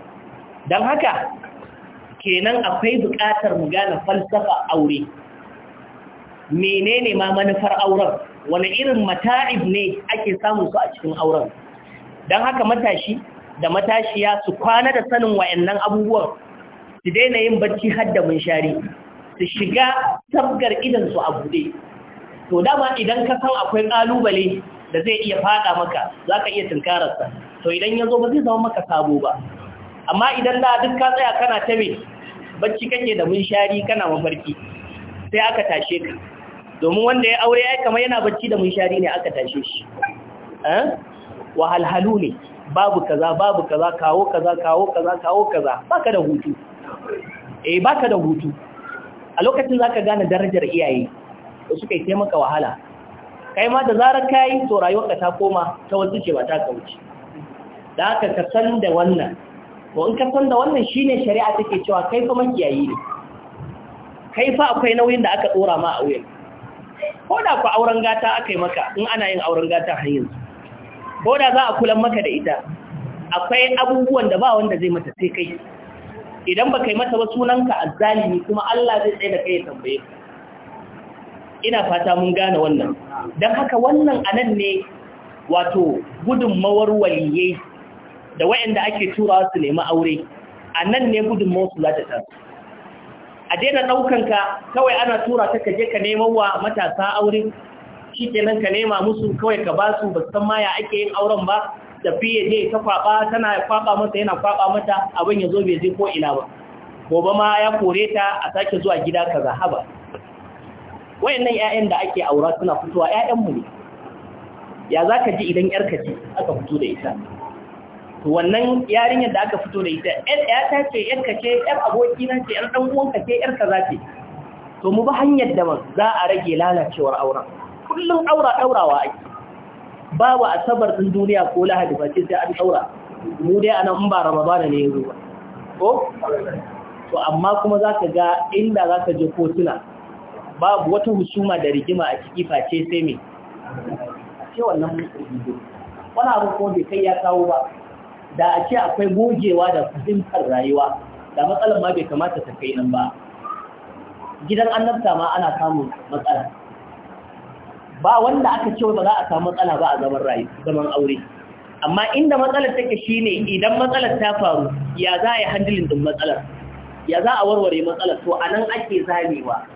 don haka kenan akwai buƙatar mu gane falsafa aure menene ma manufar auren wani irin mata'ib ne ake samun su a cikin auren don haka matashi da matashiya su kwana da sanin wayannan abubuwan su daina yin bacci har da munshari su shiga tabgar idan su a bude to dama idan ka san akwai kalubale da zai iya fada maka za ka iya tunkararsa to idan ya zo ba zai zama maka sabo ba amma idan da duk ka tsaya kana ta me bacci kake da shari kana mafarki sai aka tashe ka domin wanda ya aure ya kamar yana bacci da shari ne aka tashe shi eh wahalhalu ne babu kaza babu kaza kawo kaza kawo kaza kawo kaza baka da hutu eh baka da hutu a lokacin za ka gane darajar iyaye da suka yi taimaka wahala kai ma da zarar ka yi to rayuwarka ta koma ta wasu ce ta da aka ka san da wannan ko in ka san da wannan shine shari'a take cewa kai fa makiyayi ne kai fa akwai nauyin da aka dora ma a wuyan ko da ku auren gata aka yi maka in ana yin auren gata har yanzu ko da za a kulan maka da ita akwai abubuwan da ba wanda zai mata sai kai idan ba yi mata ba sunanka zalimi kuma Allah zai tsaye da kai ya tambaye ka ina fata mun gane wannan don haka wannan anan ne wato gudunmawar waliye da wayanda ake turawa su nemi aure anan ne gudunmawar su lata a daina ɗaukanka kawai ana tura ta kaje ka neman wa matasa aure shi kenan ka nema musu kawai ka ba su ba san ma ya ake yin auren ba Tafiye ne ta kwaba tana kwaba mata yana kwaba mata abin ya zo bai je ko ina ba gobe ma ya kore ta a sake zuwa gida kaza haba wayannan ƴaƴan da ake aura suna fitowa ƴaƴan mu ne ya zaka ji idan yarka ce aka fito da ita to wannan yarinyar da aka fito da ita ƴar ƴata ce yarka ce ƴar aboki na ce ƴar dan ka ce ƴar kaza ce to mu ba hanyar da za a rage lalacewar auren kullum aura daurawa ake babu asabar din duniya ko lahadi ba ce sai an daura mu dai anan in ba ramadana ne yanzu ba ko to amma kuma zaka ga inda zaka je kotuna babu wata husuma da rigima a ciki face sai me ce wannan wani abu ko bai kai ya kawo ba da a ce akwai gogewa da fahimtar rayuwa da matsalar ma bai kamata ta kai nan ba gidan annabta ma ana samun matsala ba wanda aka ce ba za a samu matsala ba a zaman rayu zaman aure amma inda matsalar take shine idan matsalar ta faru ya za a yi handling din matsalar ya za a warware matsalar to anan ake zamewa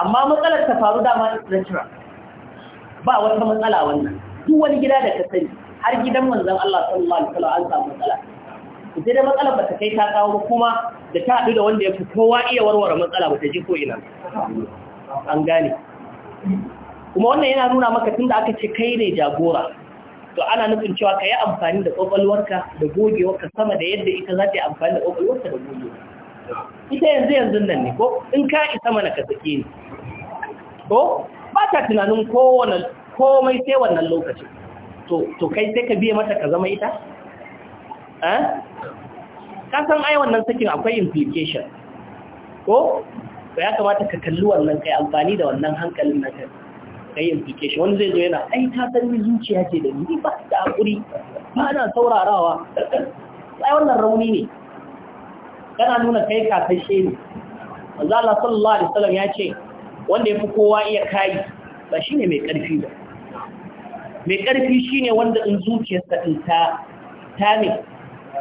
amma matsalar ta faru dama natural ba wata matsala wannan duk wani gida da ka sani har gidan manzon Allah sallallahu alaihi wasallam an samu matsala idan da matsalar ba ta kai ta kawo kuma da ta haɗu da wanda ya fi kowa iya warware matsala ba ta ji ko ina an gane kuma wannan yana nuna maka tun da aka ce kai ne jagora to ana nufin cewa ka yi amfani da ƙwaƙwalwarka da gogewarka sama da yadda ita za ta yi amfani da kwakwalwarka da gogewarka ita yanzu yanzu nan ne ko in ka isa mana ka sake ni to ba ta tunanin kowane komai sai wannan lokacin to kai sai ka biye mata ka zama ita? eh? ka san ai wannan sakin akwai implication ko? ba ya kamata ka kalli wannan kai amfani da wannan hankalin na kai akwai implication wani zai zo yana ai ta san zuciya ce da ni ba da hakuri ba na saurarawa wannan rauni ne kana nuna kai shi ne manzo Allah sallallahu alaihi wasallam ya ce wanda yafi kowa iya kai ba shine mai karfi ba mai karfi shine wanda in zuciyarsa din ta ta ne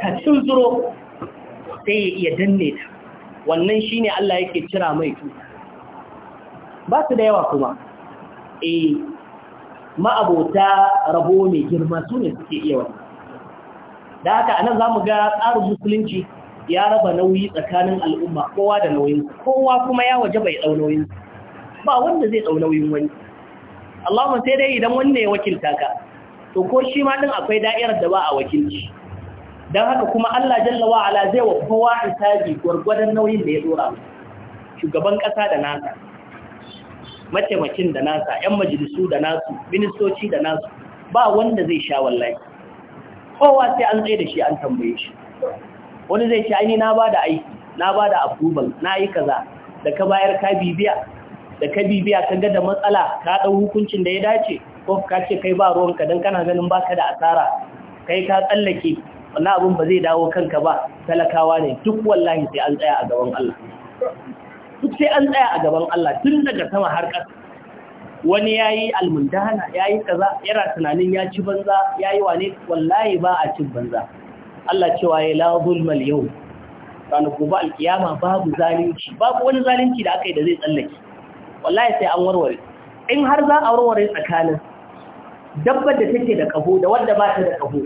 ta zuro sai ya iya danne ta wannan shine Allah yake cira mai tuka ba su da yawa kuma eh ma'abota rabo mai girma su ne suke iya wani da haka anan za mu ga tsarin musulunci ya raba nauyi tsakanin al'umma kowa da nauyin kowa kuma ya waje bai ɗau nauyin ba wanda zai ɗau nauyin wani Allahumma sai dai idan wanne ya wakilta ka to ko shi ma din akwai da'irar da ba a wakilci dan haka kuma Allah jalla wa ala zai wa kowa isaji gurgurdan nauyin da ya dora shugaban ƙasa da nasa mataimakin da nasa yan majalisu da nasu ministoci da nasu ba wanda zai sha wallahi kowa sai an tsaye da shi an tambaye shi wani zai ce aini na ba da aiki na ba da approval na yi kaza da ka bayar ka bibiya da ka bibiya ka ga da matsala ka ɗau hukuncin da ya dace ko ka ce kai ba ruwanka don kana ganin baka da asara kai ka tsallake wannan abin ba zai dawo kanka ba talakawa ne duk wallahi sai an tsaya a gaban Allah duk sai an tsaya a gaban Allah tun daga sama har ƙasa wani yayi almundana yayi kaza yana tunanin ya ci banza yayi wane wallahi ba a cin banza Allah cewa ya la zulmal yau ranar gobe alkiyama babu zalunci babu wani zalunci da aka yi da zai tsallake wallahi sai an warware in har za a warware tsakanin dabbar da take da kaho da wanda ba ta da kaho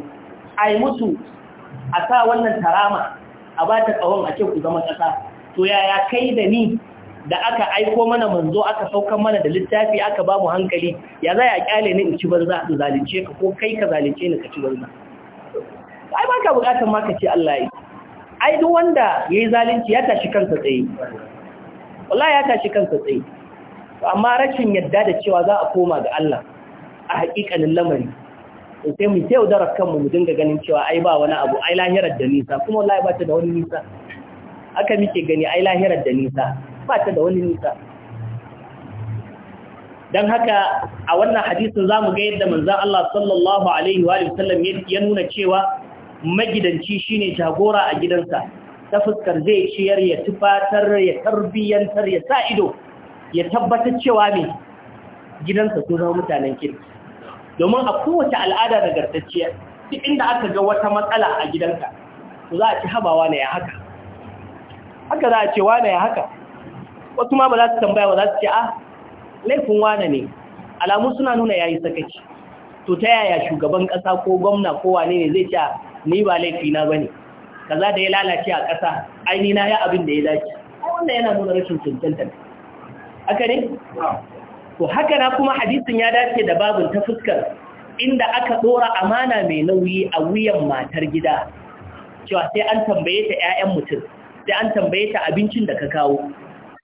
a yi musu a sa wannan tarama a ba ta kawon a ce ku zama ƙasa to yaya kai da ni da aka aiko mana manzo aka saukan mana da littafi aka ba mu hankali ya za ya kyale ni in ci banza in zalunce ka ko kai ka zalunce ni ka ci banza ai ba ka bukatar ma ka ce Allah yi ai duk wanda yayi zalunci ya tashi kansa tsaye wallahi ya tashi kansa tsaye amma rashin yadda da cewa za a koma ga Allah a haƙiƙanin lamari sai mu sai udara kanmu mu dinga ganin cewa ai ba wani abu ai lahirar da nisa kuma wallahi ba ta da wani nisa aka muke gani ai lahirar da nisa ba ta da wani nisa don haka a wannan hadisin za mu ga yadda manzan Allah sallallahu Alaihi wa sallam ya nuna cewa magidanci shine jagora a gidansa ta fuskar zai ciyar ya tufatar ya tarbiyyantar ya sa ido ya tabbatar cewa mai gidansa sun zama mutanen kirki domin a kowace al'ada nagartacciya duk inda aka ga wata matsala a gidanka to za a ci habawa na ya haka haka za a ce wane ya haka wasu ma ba za su tambaya ba za su ce ah laifin wane ne Alamun suna nuna yayi sakaci to ta yaya shugaban ƙasa ko gwamna ko wane ne zai ce ah, ni ba laifi na bane kaza da ya lalace a ƙasa aini na ya abin da ya dace ai wannan yana nuna rashin cancanta haka ne to haka na kuma hadisin ya dace da babin ta fuskar inda aka dora amana mai nauyi a wuyan matar gida cewa sai an tambaye ta 'ya'yan mutum sai an tambaye ta abincin da ka kawo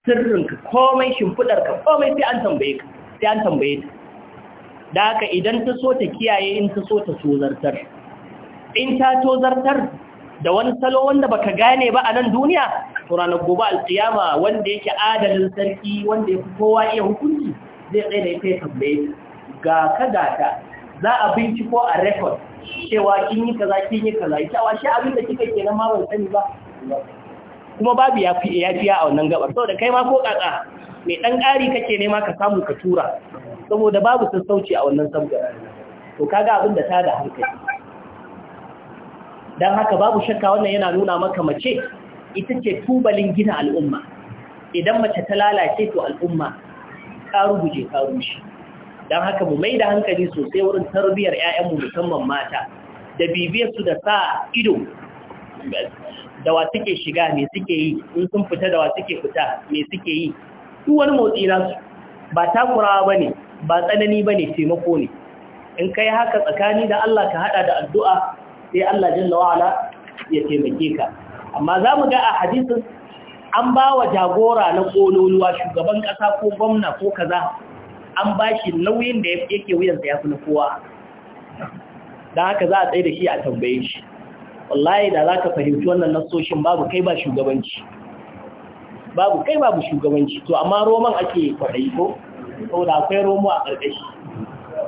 sirrinka komai shimfiɗarka komai sai an tambaye ka sai an tambaye ta da haka idan ta so ta kiyaye in ta so ta tozartar in ta tozartar da wani salo wanda baka gane ba a nan duniya to gobe alkiyama wanda yake adalin sarki wanda fi kowa iya hukunci zai tsaye da ya tambaye ga ka ta za a binciko a rekod cewa kin yi kaza kin yi kaza ita shi abin da kika kenan ma ban sani ba kuma babu ya fi yafiya a wannan gabar saboda kai ma ko kaka mai ɗan ƙari kake nema ka samu ka tura saboda babu sun sauci a wannan samgar to kaga abin da ta da hankali Don haka babu shakka wannan yana nuna maka mace ita ce tubalin gina al'umma idan mace ta lalace to al'umma ƙaru guje ƙaru shi. Don haka mu mai da hankali sosai wurin tarbiyyar 'ya'yanmu musamman mata da bibiyarsu da sa ido da wa suke shiga me suke yi in sun fita da wa suke fita me suke yi duk wani motsi nasu ba takurawa bane ba tsanani bane taimako ne in kai haka tsakani da Allah ka hada da addu'a sai Allah jalla wa ya taimake ka amma za mu ga a hadisin an ba wa jagora na kololuwa shugaban ƙasa ko gwamna ko kaza an ba shi nauyin da yake wuyansa ya fi na kowa don haka za a tsaye da shi a tambaye shi wallahi da za ka fahimci wannan nasoshin babu kai ba shugabanci babu kai babu shugabanci to amma roman ake kwaɗayi ko saboda akwai romo a ƙarƙashi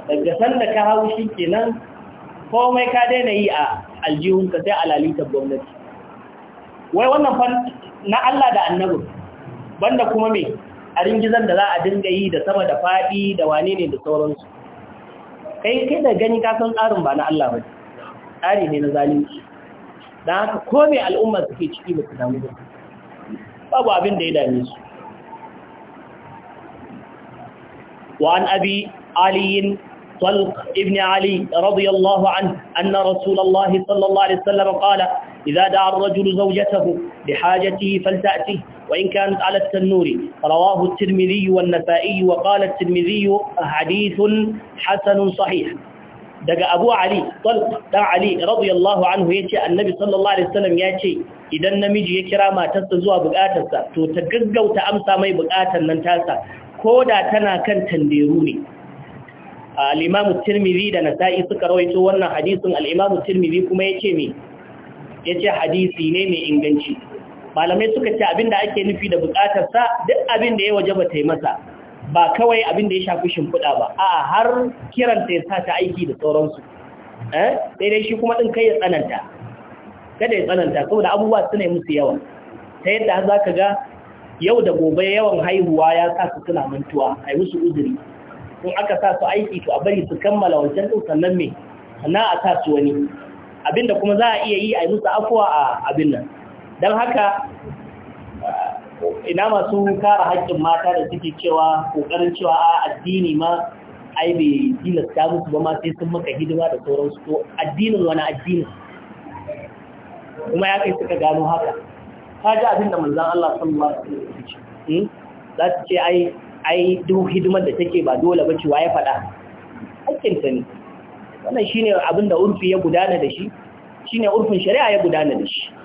daga sanda ka hau shi kenan komai ka daina yi a aljihun ka sai alalitar gwamnati wai wannan fan na Allah da annabi banda kuma me a ringizan da za a dinga yi da sama da faɗi da wane ne da sauransu kai kai da gani ka san tsarin ba na Allah ba tsari ne na zalunci da haka ko mai al'umma suke ciki ba su babu abin da ya dame su وعن أبي علي طلق ابن علي رضي الله عنه أن رسول الله صلى الله عليه وسلم قال إذا دعا الرجل زوجته لحاجته فلتأته وإن كانت على التنور رواه الترمذي والنفائي وقال الترمذي حديث حسن صحيح daga abu ali ɗan ali radiyallahu anhu ya ce annabi sallallahu alaihi wasallam ya ce idan namiji ya kira matarsa zuwa bukatarsa to ta gaggauta amsa mai bukatar nan tasa ko da tana kan tanderu ne al-imam tirmidhi da nasa'i suka rawaito wannan hadisin al-imam tirmidhi kuma yace me yace hadisi ne mai inganci malamai suka ce abinda ake nufi da bukatarsa duk abin da ya yi taimasa ba kawai abin da ya shafi shimfiɗa ba a har kiranta ya sa ta aiki da sauransu eh, sai dai shi kuma ɗin kai ya tsananta kada ya tsananta saboda abubuwa suna musu yawa ta yadda za ka ga yau da gobe yawan haihuwa ya sa su suna mantuwa a musu uzuri in aka sa su aiki to a bari su kammala wancan ɗin sannan me sannan a sa su wani abinda kuma za a iya yi a musu afuwa a abin nan don haka ina masu kare haƙƙin mata da suke cewa ƙoƙarin cewa a addini ma ai bai tilasta musu ba ma sai sun maka hidima da sauransu ko addinin wani addinin kuma ya kai suka gano haka ka ji abin da manzan Allah sallallahu alaihi ce. Hmm? za su ce ai ai duk hidimar da take ba dole ba cewa ya faɗa hakkinta ne wannan shine abin da urfi ya gudana da shi shine urfin shari'a ya gudana da shi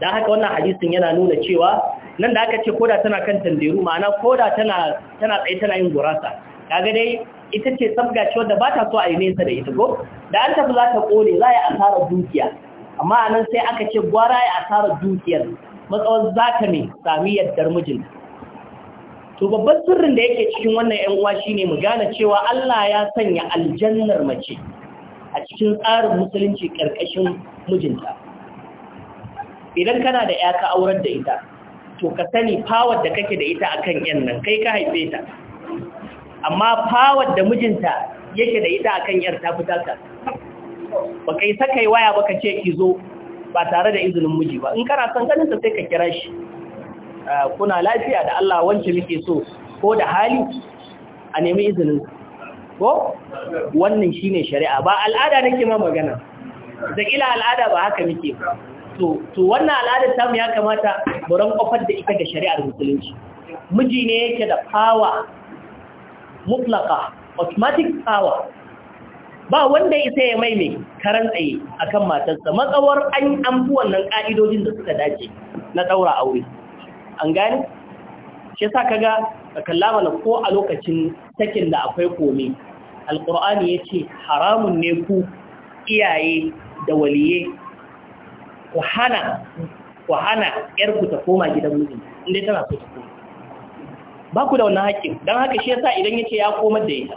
da haka wannan hadisin yana nuna cewa nan da aka ce koda tana kan tanderu ma'ana koda tana tana tsaye tana yin gurasa kaga dai ita ce sabga ce wanda ba ta so a yi nesa da ita ko da an tafi za ta kone za a asara dukiya amma a nan sai aka ce gwara ya asara dukiyar matsawar za ta ne sami yaddar mijin to babban sirrin da yake cikin wannan yan uwa shine mu gane cewa Allah ya sanya aljannar mace a cikin tsarin musulunci karkashin mijinta idan kana da ya ka aurar da ita to ka sani fawar da kake da ita akan yan nan kai ka haife ta amma fawar da mijinta yake da ita akan yar ta fita ka ba kai sakai waya ba ka ce ki zo ba tare da izinin miji ba in kana son ganin sai ka kira shi ah, kuna lafiya da Allah wance muke so ko da hali a nemi izinin ko wannan shine shari'a ba al'ada nake ma magana da kila al'ada ba haka muke ba to wannan al'adar tamu ya kamata buran kofar da ita ga shari'ar musulunci miji ne yake da power mutlaka automatic power ba wanda isa ya mai mai karan tsaye akan matarsa matsawar an amfi wannan ka'idojin da suka dace na daura aure an gani shi sa kaga kalla mana ko a lokacin takin da akwai komai alqur'ani yace haramun ne ku iyaye da waliye ku hana ku hana yarku ta koma gidan mijin inda tana so ta koma ba ku da wannan haƙƙin don haka shi yasa idan yace ya komar da ita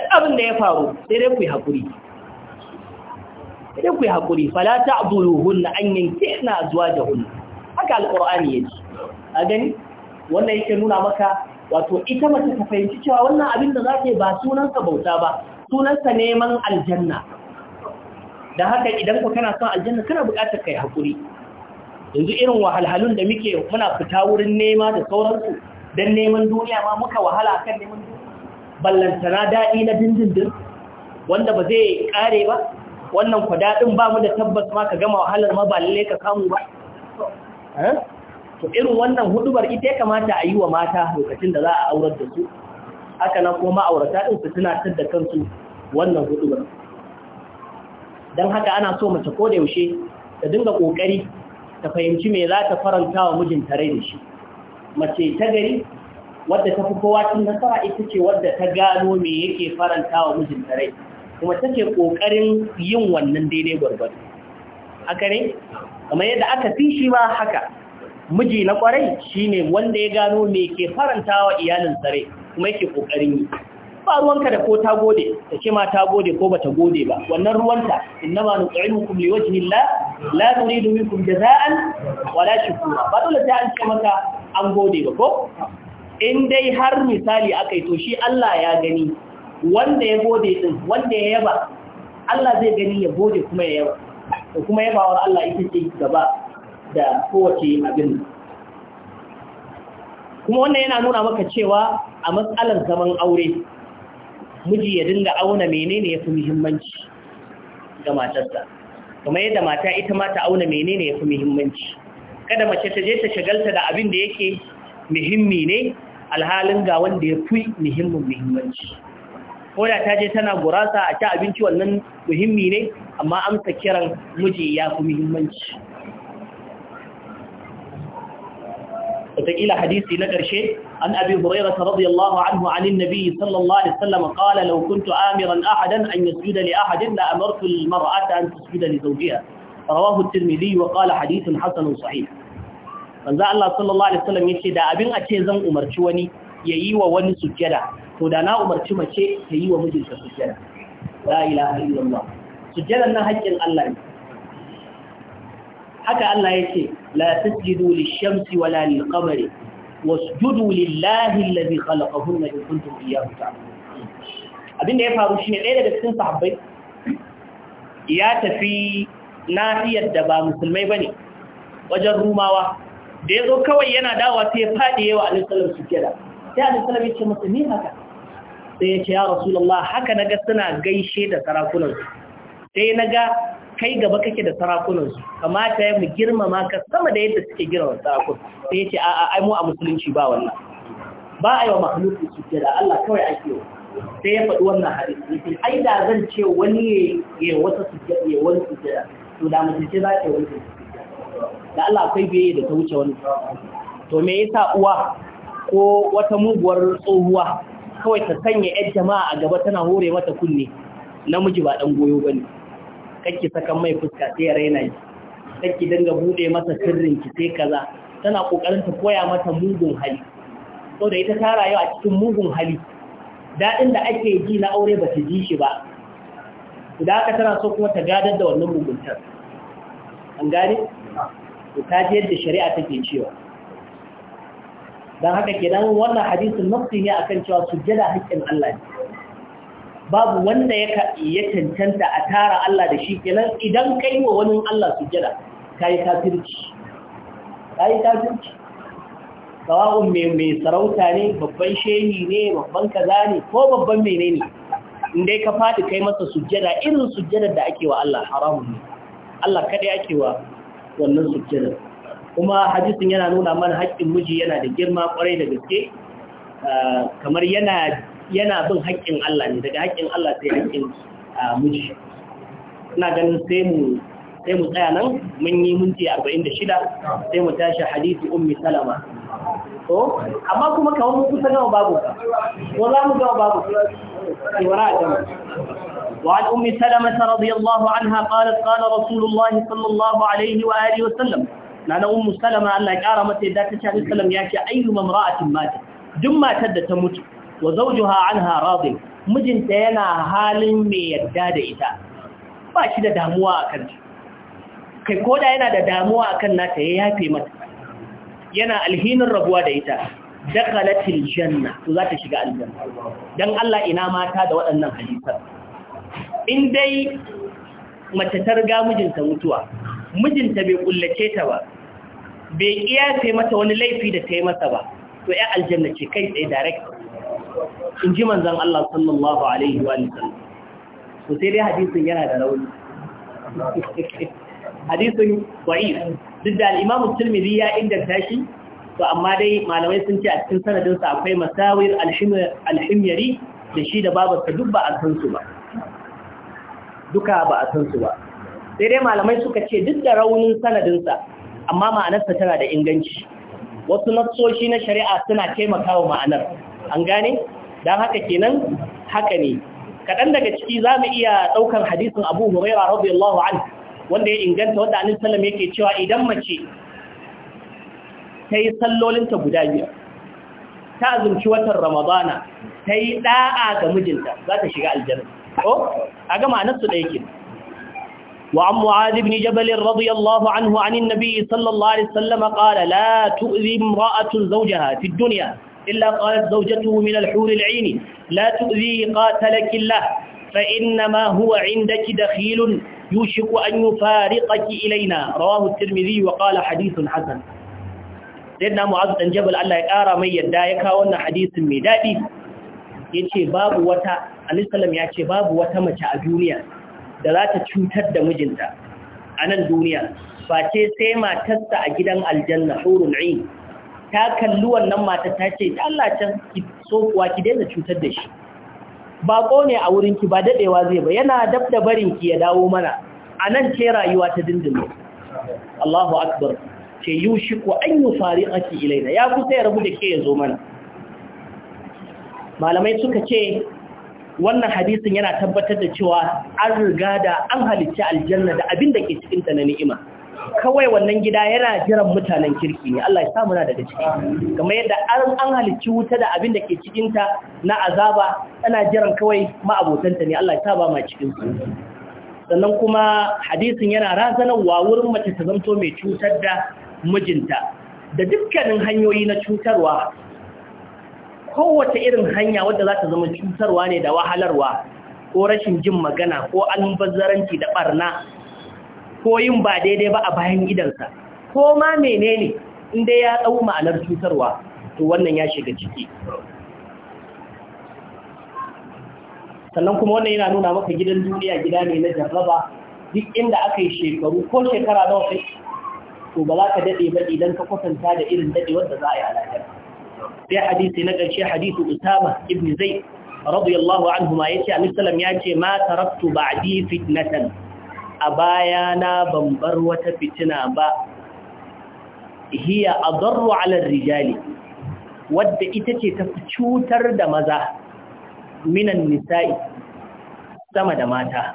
duk abin da ya faru sai dai ku yi haƙuri sai ku yi haƙuri fala ta'dhuluhunna an da azwajahunna haka alqur'ani yace a gani wannan yake nuna maka wato ita mace ta fahimci cewa wannan abin da za ta yi ba sunansa bauta ba sunansa neman aljanna da haka idan ku kana son aljanna kana buƙatar kai hakuri yanzu irin wahalhalun da muke muna fita wurin nema da sauransu don neman duniya ma muka wahala kan neman ballantana daɗi na dindindin wanda ba zai kare ba wannan ku daɗin ba mu da tabbas ma ka gama wahalar ma ba lalle ka kamu ba eh? to irin wannan hudubar ita ya kamata a yi wa mata lokacin da za a aurar da su haka nan kuma ma'aurata din su tunatar da kansu wannan hudubar don haka ana so mace ko da yaushe ta dinga kokari ta fahimci me za ta faranta wa mijinta rai da shi mace ta gari wadda ta fi kowa cin nasara ita ce wadda ta gano me yake faranta wa mijinta rai kuma ta ce kokarin yin wannan daidai gwargwado haka ne kamar yadda aka fi shi ma haka miji na kwarai shine wanda ya gano me ke faranta wa iyalin rai kuma yake kokarin yi ba ruwanka da ko ta gode ta ce ma ta gode ko bata gode ba wannan ruwanta innama nut'imukum liwajhillah la nuridu minkum jazaan wala shukura ba dole sai an ce maka an gode ba ko in dai har misali akai to shi Allah ya gani wanda ya gode din wanda ya yaba Allah zai gani ya gode kuma ya yaba to kuma yabawar Allah ita ce gaba da kowace abin kuma wannan yana nuna maka cewa a matsalar zaman aure miji ya dinga auna menene ya fi muhimmanci ga matarsa kuma yadda mata ita ma ta auna menene ya fi muhimmanci kada mace ta je ta shagalta da abin da yake muhimmi ne alhalin ga wanda ya fi muhimmin muhimmanci ko da ta je tana gurasa a ci abinci wannan muhimmi ne amma amsa kiran miji ya fi muhimmanci وتقيل حديثي نقرشي عن أبي هريرة رضي الله عنه عن النبي صلى الله عليه وسلم قال لو كنت آمرا أحدا أن يسجد لأحد لأمرت المرأة أن تسجد لزوجها رواه الترمذي وقال حديث حسن صحيح manzo Allah sallallahu alaihi wasallam yace da abin a ce zan umarci wani yayi wa wani sujjada to da na umarci mace ya yi wa mijinta sujjada la ilaha Allah ne haka Allah yake la tasjudu lishamsi shamsi wala lilqamari wasjudu lillahi alladhi khalaqahunna in kuntum iyyahu ta'budun abinda ya faru shine ɗaya daga cikin sahabbai ya tafi nafiyar da ba musulmai bane wajen rumawa da yazo kawai yana dawowa sai ya fadi yawa alaihi sallam da. sai alaihi sallam ya ce masa ni haka sai ya ce ya rasulullah haka naga suna gaishe da sarakunan sai naga kai gaba kake da sarakunansu kamata ya mu girmama ka sama da yadda suke girma sarakun sai ya ce a'a ai mu a musulunci ba wannan ba a yi wa su ke da Allah kawai ake yi sai ya faɗi wannan hadisi yace ai da zan ce wani ya wata ke ya wani sujjada to da mu ce za ka yi wani da Allah akwai biye da ta wuce wani to me yasa uwa ko wata muguwar tsohuwa kawai ta sanya 'yan jama'a a gaba tana hore mata kunne namiji ba ɗan goyo bane kake sakan mai fuska sai ya raina ki kake dinga bude masa sirrin ki sai kaza tana kokarin ta koya mata mugun hali da ita ta rayu a cikin mugun hali dadin da ake ji na aure ba ta ji shi ba idan haka tana so kuma ta gadar da wannan muguntar an gane to ta ji yadda shari'a take cewa dan haka kenan wannan hadisin nafsi ne akan cewa sujjada haƙƙin Allah ne babu wanda ya cancanta a tara Allah da shi kenan idan kai wa wani Allah Ka yi tafirci ka yi tafirci mai mai sarauta ne babban shehi ne babban kaza ne ko babban menene inda ka faɗi kai masa sujjada irin sujjadar da ake wa Allah haramun ne Allah kada ake wa wannan sujjadar kuma hadisin yana nuna mana haƙƙin miji yana da girma ƙwarai da gaske ah, kamar yana yana bin haƙƙin Allah ne daga haƙƙin Allah sai haƙƙin miji ina ganin sai mu tsaya nan mun yi minti 46 sai mu tashi hadisi ummi salama to amma kuma kawai kusa gama babu ko za mu gama babu sai wara a وعن أم سلمة رضي الله عنها قالت قال رسول الله صلى الله عليه وآله وسلم لأن أم سلمة أن أكارمت ذات الشهر وسلم يا أيما امرأة ماتت دم ما تد تموت wa zawjuha anha radin mijinta yana halin mai yarda da ita ba shi da damuwa akan ta kai koda yana da damuwa akan nata ya yafe mata yana alhinin rabuwa da ita dakalatil janna to za ta shiga aljanna dan Allah ina mata da waɗannan hadisan in dai mace ta riga mijinta mutuwa mijinta bai kullace ta ba bai iya mata wani laifi da ta yi masa ba to ya aljanna ce kai tsaye direct in ji manzan Allah sallallahu Alaihi wa sallam. So sai dai hadisun yana da rauni. [laughs] Hadisun wa'ir, duk da al'imamu Tirmidhi ya inganta shi, to amma dai malamai sun ce a cikin sanadinsa akwai masawir alhimyari da shi da babarsa duk ba a san su ba. Duka ba a san su ba. Sai dai malamai suka ce duk da raunin sanadinsa, amma ma'anarsa tana da inganci. Wasu nassoshi na shari'a suna taimakawa ma'anar. an gane don haka kenan haka ne kaɗan daga ciki za mu iya ɗaukar hadisin abu huraira radiyallahu an wanda ya inganta wanda anil sallam yake cewa idan mace ta yi sallolinta guda biyar ta azumci watan ramadana ta yi ɗa'a ga mijinta za ta shiga aljanna ko a gama a nasu ɗaya kenan وعن معاذ بن جبل رضي الله عنه عن النبي صلى الله عليه وسلم قال لا تؤذي امرأة زوجها في الدنيا إلا قالت زوجته من الحور العين لا تؤذي قاتلك الله فإنما هو عندك دخيل يوشك أن يفارقك إلينا رواه الترمذي وقال حديث حسن سيدنا معاذ بن جبل الله يقرا من يدا يكا wannan hadisin mai dadi yace babu wata Ali sallam yace babu wata mace a duniya da za ta cutar da mijinta a nan duniya face sai matarsa a gidan aljanna hurul 'ain ta kalli wannan mata ta ce da Allah can ki so kuwa ki daina cutar da shi Baƙo ne a wurin ki ba dadewa zai ba yana dab da barin ki ya dawo mana anan ce rayuwa ta dindindin Allahu akbar ce yushiku an yufariqaki ilaina ya kusa ya rabu da ke yazo mana malamai suka ce wannan hadisin yana tabbatar da cewa an riga da an halicci aljanna da abin da ke cikin ta na ni'ima kawai wannan gida yana jiran mutanen kirki ne Allah ya sa muna daga ciki kamar yadda an halicci wuta da abin da ke cikin ta na azaba tana jiran kawai ma'abotanta ne Allah ya sa ma cikin su sannan kuma hadisin yana razanarwa wurin mace ta zanto mai cutar da mijinta da dukkanin hanyoyi na cutarwa kowace irin hanya wanda za ta zama cutarwa ne da wahalarwa ko rashin jin magana ko almubazzaranci da barna ko yin ba daidai ba a bayan idansa ko ma menene inda ya ɗau ma'anar cutarwa to wannan ya shiga ciki sannan kuma wannan yana nuna maka gidan duniya gida ne na jarraba duk inda aka yi shekaru ko shekara da wasu, to ba za ka daɗe ba idan ka kwatanta da irin daɗewar da za a yi alaƙar sai hadisi na ƙarshe hadisi usama ibn zai radiyallahu anhu ma yace annabi alaihi ya ce ma taraktu ba'di fitnatan a bayana ban bar wata fitina ba hiya a ala rijali wadda ita ce ta cutar da maza minan nisa'i sama da mata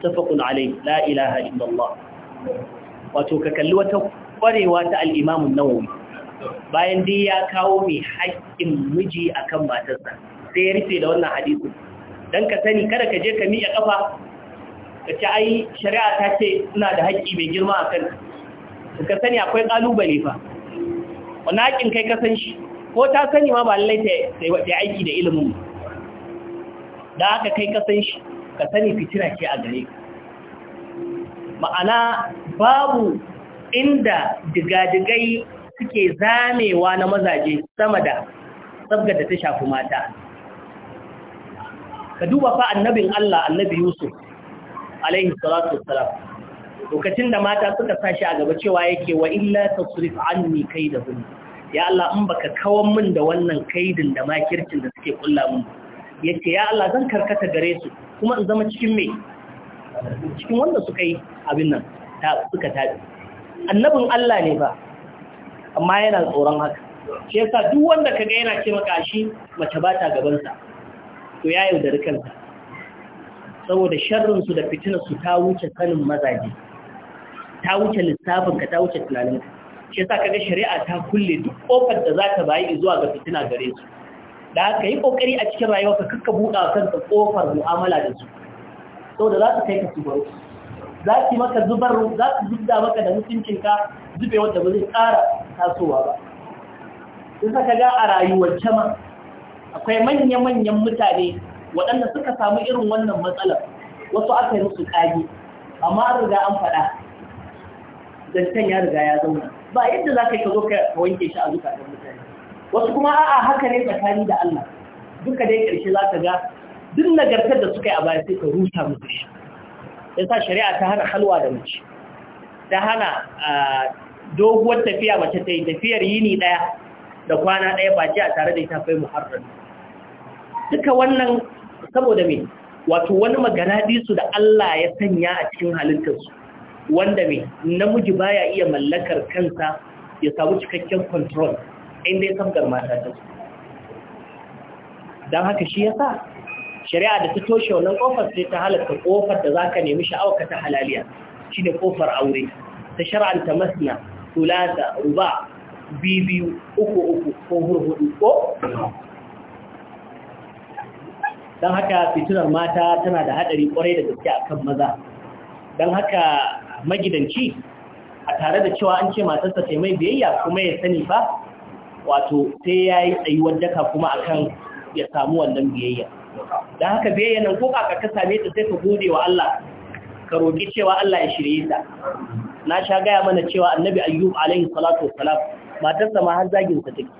tafaqul alai la ilaha illallah wato ka kalli wata kwarewa ta al-imam nawawi bayan dai ya kawo mai haƙƙin miji akan matarsa sai ya rufe da wannan hadisi don ka sani kada ka je ka miƙa ƙafa ka ce ai shari'a ta ce suna da haƙƙi mai girma a kan ka sani akwai ƙalubale fa wani haƙƙin kai ka san shi ko ta sani ma ba lallai ta yi aiki da ilimin da haka kai ka san shi ka sani fitina ce a gare ka ma'ana babu inda digadigai suke zamewa na mazaje sama da sabga da ta shafi mata ka duba fa annabin Allah annabi Yusuf alaihi salatu wassalam lokacin da mata suka sashi a gaba cewa yake wa illa tasrif anni kaidahun ya Allah in baka kawo min da wannan kaidin da makircin da suke kulla min yace ya Allah zan karkata gare su kuma in zama cikin me cikin wanda suka yi abin nan suka tabi annabin Allah ne ba amma yana tsoron haka shi yasa duk wanda kaga yana ce maka shi mace ba ta gaban sa to ya yaudari kansa saboda sharrinsu da su, ta wuce sanin mazaje ta wuce lissafinka ta wuce tunaninka shi sa kaga shari'a ta kulle duk kofar da za ta bayi zuwa ga fitina gare su da haka yi kokari a cikin rayuwa ka kakka buɗa kanka kofar mu'amala da su saboda za su kai ka su baro za su maka zubar za su zubda maka da mutuncinka zube wanda ba zai ƙara tasowa ba sai ka ga a rayuwar ma akwai manya-manyan mutane waɗanda suka samu irin wannan matsalar wasu aka yi musu ƙage amma an riga an faɗa zancen ya riga ya zauna ba yadda za ka yi ka zo ka wanke shi a zukatan mutane wasu kuma a'a haka ne tsakani da Allah duka dai ƙarshe za ka ga duk nagartar da suka yi a baya sai ka rusa musu shi ya sa shari'a ta hana halwa da mace ta hana doguwar tafiya mace ta yi tafiyar yini ɗaya da kwana ɗaya ba a tare da ita fai muharrar duka wannan saboda me wato wani maganadi su da Allah ya sanya a cikin halittarsu wanda me namiji baya iya mallakar kansa ya samu cikakken control inda ya samgar mata ta su don haka shi yasa shari'a da ta toshe wannan kofar sai ta halatta kofar da zaka nemi sha'awar ta halaliya shine kofar aure ta shar'anta masna tulata ruba bibi uku uku ko hurhudu ko don haka fitilar mata tana da haɗari kwarai da gaske akan maza don haka magidanci a tare da cewa an ce matarsa ta mai biyayya kuma ya sani fa wato sai ya yi tsayuwar daka kuma akan ya samu wannan biyayya don haka biyayya nan ko ka ka same ta sai ka gode wa Allah ka roƙi cewa Allah ya shirye ta na sha gaya mana cewa annabi ayyub alaihi salatu wassalam matarsa ma har zagin sa take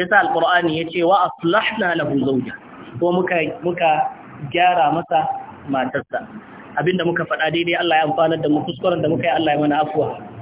yasa alqur'ani yace wa aslahna lahu zawjahu ko muka gyara masa matarsa abinda muka faɗa daidai Allah ya amfana da mu kuskuren da muka yi Allah ya mana afuwa